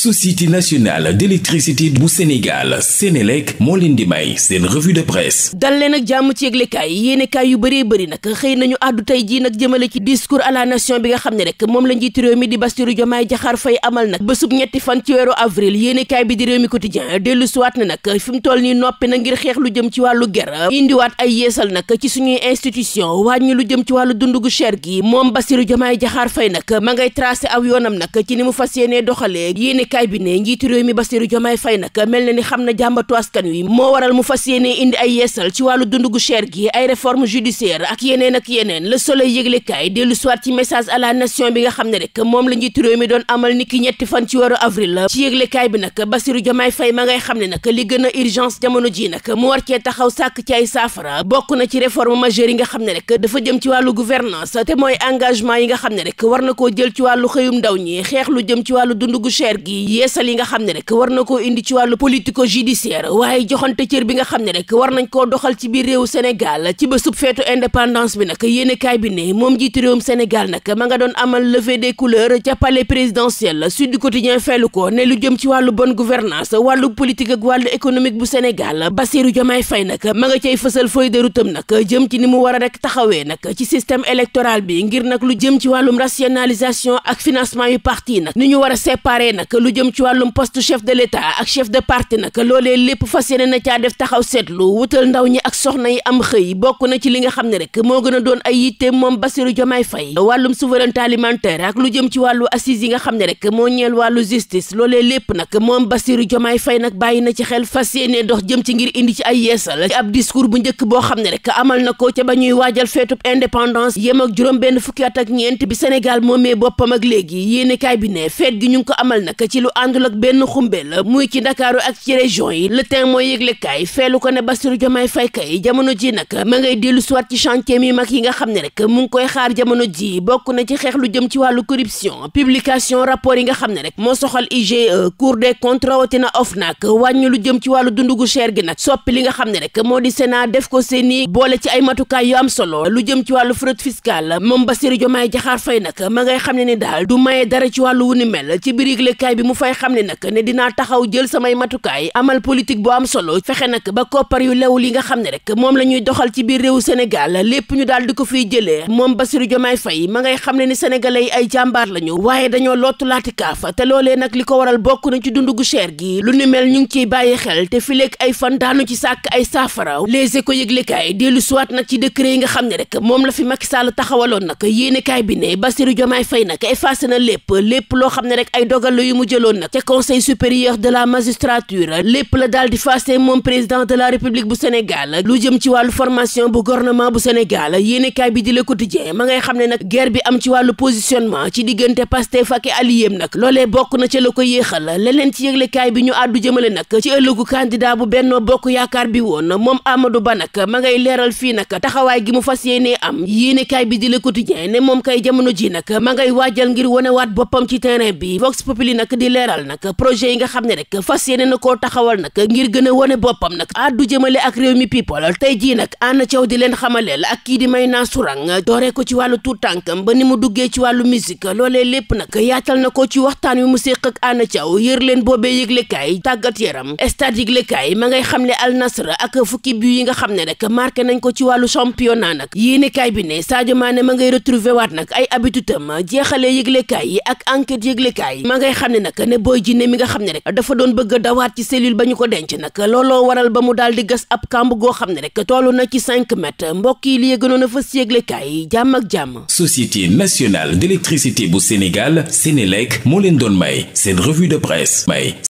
société nationale d'électricité bu Sénégal Sénélec moo leen di may seen revue de presse dal leen jàmm ci yëglekaay yéenekaay yu bëree bëri nag xëy nañu àddu tey jii nag jëmale ci discours à nation bi nga xam ne rek moom la njiitu réew mi di Bassirou Diomaye Diakhar Faye amal nag bésub ñetti fan ci weeru avril yéenekaay bi di réew mi quotidien dellu na nag fi mu nii noppi na ngir xeex lu jëm ci wàllu ger indiwaat ay yeesal nag ci suñuy institution wàññi lu jëm ci wàllu dund gu cher gi moom Bassirou Diomaye Diakhar Faye kaay bi ne njiitu réew mi Bassirou Diomaye fay nag mel na ni xam na jàmbatu askan wi moo waral mu fas yéene indi ay yeesal ci wàllu dund gu cher gi ay réforme judiciaire ak yeneen ak yeneen Le Soleil yëglekaay dellu soir ci message à la bi nga xam ne rek moom la njiitu réew mi doon amal ni ki ñetti fan ci weeru avril ci bi nag Bassirou Diomaye Faye ma ngay xam ne nag li gën a urgence jamono ji nag mu war cee taxaw sàkk ci ay saafara bokk na ci réforme majeure yi nga xam ne rek dafa jëm ci wàllu gouvernance te mooy engagement yi nga xam ne rek war na koo jël ci wàllu xëyum ndaw ñi xeex jëm ci wàllu dund gu cher gi yeesal yi nga xam ne rek war na koo indi ci wàllu politico judiciaire waaye joxante cër bi nga xam ne rek war nañ koo doxal ci biir réewu Sénégal ci bésub feetu indépendance bi nag yéenekaay bi ne moom jiitu réewum Sénégal nag ma nga doon amal levée des couleurs ca palais présidentiel Sud Quotidien feelu ko ne lu jëm ci wàllu bonne gouvernance wàllu politique ak wàllu économique bu Sénégal Bassirou Diomaye Faye nag ma nga cay fësal feuille de route mu war a rek taxawee bi ngir nag lu jëm ci wàllum rationalisation ak financement yu a lu jëm ci wàllum poste chef de l'état ak chef de parti nag loolee lépp fas yéene na caa def taxaw seetlu wutal ndaw ñi ak soxna yi am xëy bokk na ci li nga xam ne rek moo gën a doon ay yitte moom Bassirou Diomaye Faye wàllum souveraineté alimentaire ak lu jëm ci wàllu assise yi nga xam ne rek moo ñeel wàllu justice loolee lépp nag moom Bassirou Diomaye fay nag bàyyi na ci xel fas yéene dox jëm ci ngir indi ci ay yeesal ci ab discours bu njëkk boo xam ne rek amal na ko ca ba ñuy waajal feetub indépendance yem ak juróom benn fukki ak ñeent bi Sénégal moomee boppam léegi ci lu àndul ak benn xumbeel muy ci ndakaaru ak ci région yi le temps mooy yëglekaay feelu ko ne Bassirou Diomaye Faye kay jamono ji nag ma ngay dellu siwaat ci chantier mi mag yi nga xam ne rek mu ngi koy xaar jamono ji bokk na ci xeex lu jëm ci wàllu corruption publication rapport yi nga xam ne rek moo soxal IGE Cour des comptes rawatina OFNAC wàññi lu jëm ci wàllu dundu gu cher gi nag soppi li nga xam ne rek moo di Sénat def ko seeni boole ci ay matukaay yu am solo lu jëm ci wàllu fraude fiscale moom Bassirou Diomaye Diakhar Faye nag ma ngay xam ne ni daal du ci wàllu wu ci mu fay xam ne nag ne dinaa taxaw jël samay matukaay amal politique bu am solo fexe nag ba koppar yu lew li nga xam ne rek moom la ñuy doxal ci biir réew Sénégal lépp ñu daal di ko fiy jëlee moom Bassirou Diomaye Faye ma ngay xam ne ni sénégalais yi ay jàmbaar lañu waaye dañoo lottu laati te loolee nag li ko waral bokk na ci dundu gu cher gi lu ni mel ñu ngi ciy bàyyi xel te fileeg ay fan ci sàkk ay saafara les éco yëglekaay dellu suwaat nag ci décret yi nga xam ne rek moom la fi Macky Sall taxawaloon nag yéenekaay bi ne Bassirou Diomaye Faye nag effacé na lépp lépp loo xam ne rek ay dogal yu mu jël jëloon nag ca conseil supérieur de la magistrature lépp la daal di moom président de la république bu Sénégal lu jëm ci wàllu formation bu gouvernement bu Sénégal yéenekaay bi di Le Quotidien ma ngay xam ne nag guerre bi am ci wàllu positionnement ci diggante Pastef ak alliéem nag loolee bokk na ca la ko yéexal leneen ci yëglekaay bi ñu àddu jëmale nag ci ëllëgu candidat bu Benno Yaakaar bi woon moom Amadou Ba nag ma ngay leeral fii nag taxawaay gi mu fas yéenee am yéenekaay bi di Le Quotidien ne moom kay jamono ji nag ma ngay waajal ngir wonewaat boppam ci terrain bi Vox Populi nag di leeral nag projet yi nga xam ne rek fas yéene na koo taxawal nag ngir gën a wane boppam nag addu jëmale ak réew mi people tey jii nag Anna Thiaw di leen la ak kii di Mayna Sourang dooree ko ci wàllu tuutànkam ba ni mu duggee ci wàllu musique loolee lépp nag yaatal na ko ci waxtaan wi mu séq ak Anna Thiaw yër leen boobee yëglekaay tàggat yaram stade yëglekaay ma ngay xam ne Al Nassr ak fukki bu yi nga xam ne rek marqué nañ ko ci wàllu championnat nag yéenekaay bi ne Sadio Mané ma ngay retrouver waat nag ay habitude am jeexalee yëglekaay yi ak enquête yëglekaay ma ngay xam nag ne booy jinne mi nga xam ne rek dafa doon bëgg dawaat ci cellule ba ñu ko denc nag looloo waral ba mu daal di gas ab kàmb goo xam ne rek toll na ci cinq mètres mbokk yi li gënoon a fa yéglekaay jàmm ak jàmm société nationale d'électricité bu Sénégal Sénélec moo leen doon may seen revue de presse may